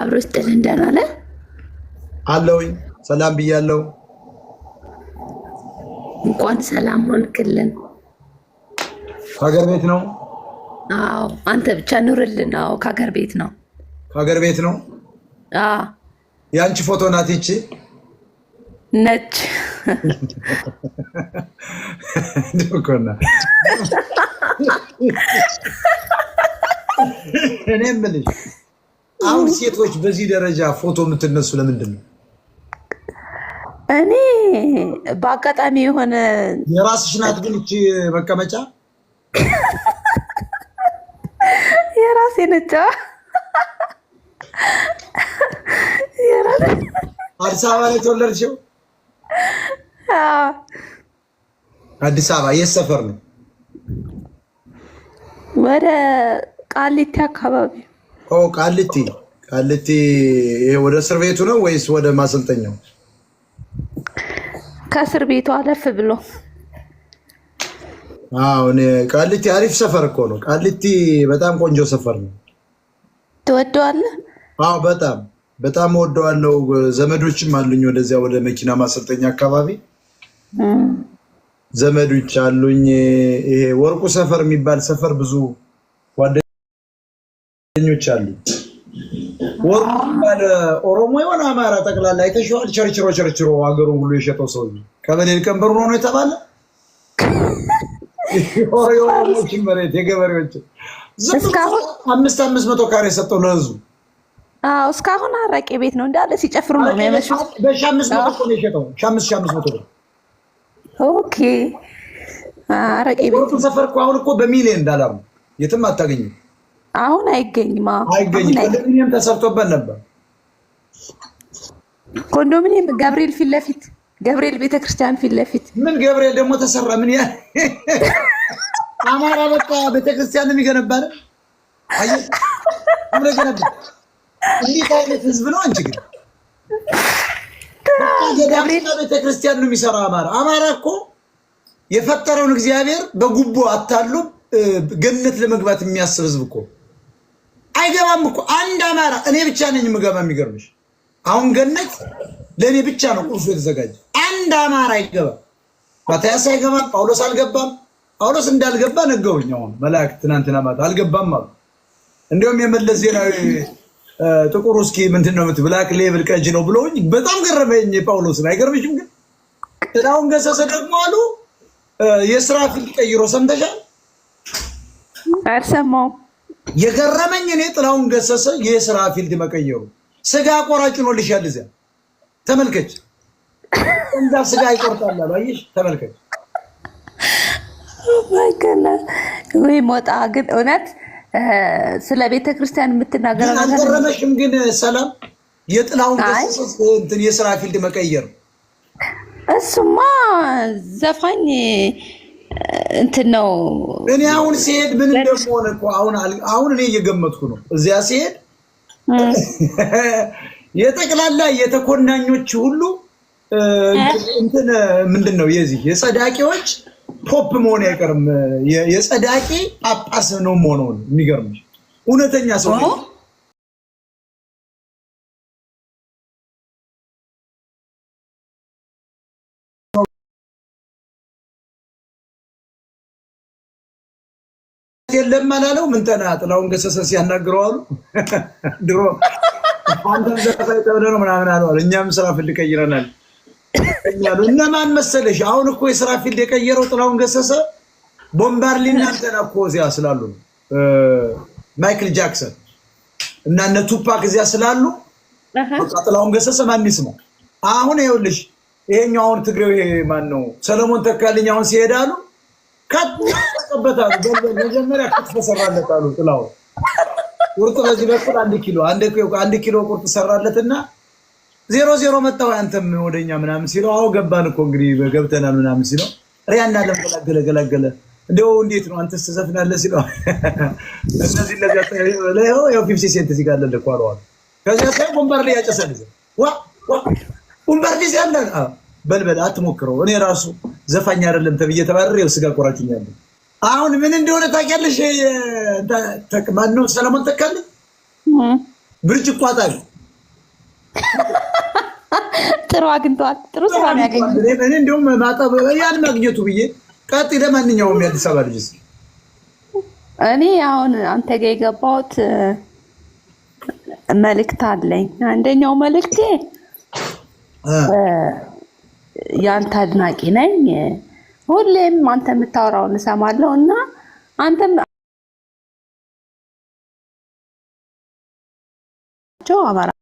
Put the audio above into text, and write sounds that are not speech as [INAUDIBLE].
አብሮ ስጥል እንደናለ አለውኝ ሰላም ብያለው። እንኳን ሰላም ሆንክልን። ከሀገር ቤት ነው? አዎ አንተ ብቻ ኑርልን። አዎ ከሀገር ቤት ነው። ከሀገር ቤት ነው። የአንቺ ፎቶ ናት ይቺ ነች። እኔ የምልሽ አሁን ሴቶች በዚህ ደረጃ ፎቶ የምትነሱ ለምንድን ነው? እኔ በአጋጣሚ የሆነ የራስሽ ናት ግን እቺ መቀመጫ የራሴ ነጫ አዲስ አበባ ላይ ተወለድሽው? አዲስ አበባ የት ሰፈር ነው? ወደ ቃሊቲ አካባቢ ኦ ቃሊቲ ቃሊቲ ወደ እስር ቤቱ ነው ወይስ ወደ ማሰልጠኛው? ከእስር ቤቱ አለፍ ብሎ አሁን ቃሊቲ አሪፍ ሰፈር እኮ ነው። ቃሊቲ በጣም ቆንጆ ሰፈር ነው። ትወደዋለህ? አዎ በጣም በጣም ወደዋለው። ዘመዶችም አሉኝ ወደዚያ ወደ መኪና ማሰልጠኛ አካባቢ ዘመዶች አሉኝ። ይሄ ወርቁ ሰፈር የሚባል ሰፈር ብዙ ኞች አሉ ወሩም ኦሮሞ የሆነ አማራ ጠቅላላ አይተሽዋል። ቸርችሮ ቸርችሮ ሀገሩ ሁሉ የሸጠው ሰው ቀበሌን ቀንበሩ ሆኖ የተባለ የኦሮሞችን መሬት የገበሬዎችን አምስት አምስት መቶ ካሬ ሰጠው ለህዝቡ። እስካሁን አረቄ ቤት ነው እንዳለ ሲጨፍሩ ነው የሚያመሹት። በሺ አምስት መቶ ነው የሸጠው። ሺ አምስት ሺ አምስት መቶ ኦኬ። አረቄ ቤት ሰፈር እኮ አሁን እኮ በሚሊዮን ዳላሩ የትም አታገኝም። አሁን አይገኝም። አይገኝም። ተሰርቶበት ነበር ኮንዶሚኒየም ገብርኤል ፊት ለፊት ገብርኤል ቤተክርስቲያን ፊት ለፊት ምን ገብርኤል ደግሞ ተሰራ። ምን ያ አማራ በቃ ቤተክርስቲያን የሚገነባ ነው። አምረ ገነባ። እንዴት አይነት ህዝብ ነው እንጂ ግን ቤተክርስቲያን ነው የሚሰራ አማራ። አማራ እኮ የፈጠረውን እግዚአብሔር በጉቦ አታሉ ገነት ለመግባት የሚያስብ ህዝብ እኮ አይገባም እኮ አንድ አማራ እኔ ብቻ ነኝ የምገባ። የሚገርምሽ አሁን ገነት ለእኔ ብቻ ነው ቁርሱ የተዘጋጀ። አንድ አማራ አይገባም። ማታያስ አይገባም። ጳውሎስ አልገባም። ጳውሎስ እንዳልገባ ነገሩኝ። አሁን መላእክት ትናንትና ማታ አልገባም አሉ። እንዲሁም የመለስ ዜናዊ ጥቁር እስኪ ምንድን ነው ብላክ ሌብል ቀጅ ነው ብለውኝ በጣም ገረመኝ። ጳውሎስን አይገርምሽም? ግን ጥላሁን ገሰሰ ደግሞ አሉ የስራ ፊልድ ቀይሮ ሰምተሻል? አልሰማሁም የገረመኝ እኔ ጥላሁን ገሰሰ የስራ ፊልድ መቀየሩ ስጋ ቆራጭ ነው ልሻል እዚያ ተመልከች፣ እንዛ ስጋ ይቆርጣል አሉ። አየሽ ተመልከች። ወይ ሞጣ ግን እውነት ስለ ቤተ ክርስቲያን የምትናገረው አልገረመሽም? ግን ሰላም የጥላሁን ገሰሰ የስራ ፊልድ መቀየር እሱማ ዘፋኝ እንትን ነው። እኔ አሁን ሲሄድ ምን እንደሆነ እኮ አሁን አሁን እኔ እየገመትኩ ነው። እዚያ ሲሄድ [LAUGHS] የጠቅላላ የተኮናኞች ሁሉ እንትን ምንድን ነው የዚህ የጸዳቂዎች ቶፕ መሆን አይቀርም። የጸዳቂ ጳጳስ ነው መሆነውን የሚገርም እውነተኛ ሰው የለም አላለው። ምን ተና ጥላውን ገሰሰ ሲያናግረው አሉ ድሮ አንተም ዘሳይተው ነው ምናምን አሉ። እኛም ስራ ፊልድ ቀይረናል እኛሉ እነማን መሰለሽ? አሁን እኮ የስራ ፊልድ የቀየረው ጥላውን ገሰሰ ቦምባር ሊናንተና እኮ እዚያ ስላሉ ማይክል ጃክሰን እና እነ ቱፓክ እዚያ ስላሉ ጥላውን ገሰሰ ማን ይስማው? አሁን ይኸውልሽ ይሄኛው አሁን ትግሬው ይሄ ማን ነው ሰለሞን ተካልኝ አሁን ሲሄዳሉ ከበታል መጀመሪያ ከት ተሰራለት አሉ። ጥላሁን ቁርጥ በዚህ በኩል አንድ ኪሎ አንድ ኪሎ ቁርጥ ሰራለትና ዜሮ ዜሮ መጣ አንተም ወደኛ ምናምን ሲለው አዎ ገባን እኮ እንግዲህ ገብተናል ምናምን ሲለው ሪያ እንዳለም ገላገለ ገላገለ እንደው እንዴት ነው አንተስ ትዘፍናለህ ሲለው እነዚህ ለዚያው ፊፍቲ ሴንት እዚህ ጋር አለልህ እኮ አለዋል። ከዚያ ሳይ ወንበር ላይ ያጨሳል ወንበር ዲስ ያለን በልበል አትሞክረው። እኔ ራሱ ዘፋኝ አይደለም ተብዬ ተባረሬው ስጋ ቆራችኛለሁ። አሁን ምን እንደሆነ ታውቂያለሽ? ማነው ሰለሞን ተካልኝ ብርጭቆ አጣል ጥሩ አግኝተዋል። ጥሩ ስራ ያገኘ እኔ እንዲሁም ያን ማግኘቱ ብዬ ቀጥ ለማንኛውም የአዲስ አበባ ልጅ እኔ አሁን አንተ ጋ የገባሁት መልእክት አለኝ። አንደኛው መልእክቴ የአንተ አድናቂ ነኝ። ሁሌም አንተ የምታወራውን እሰማለሁ እና አንተም አማራ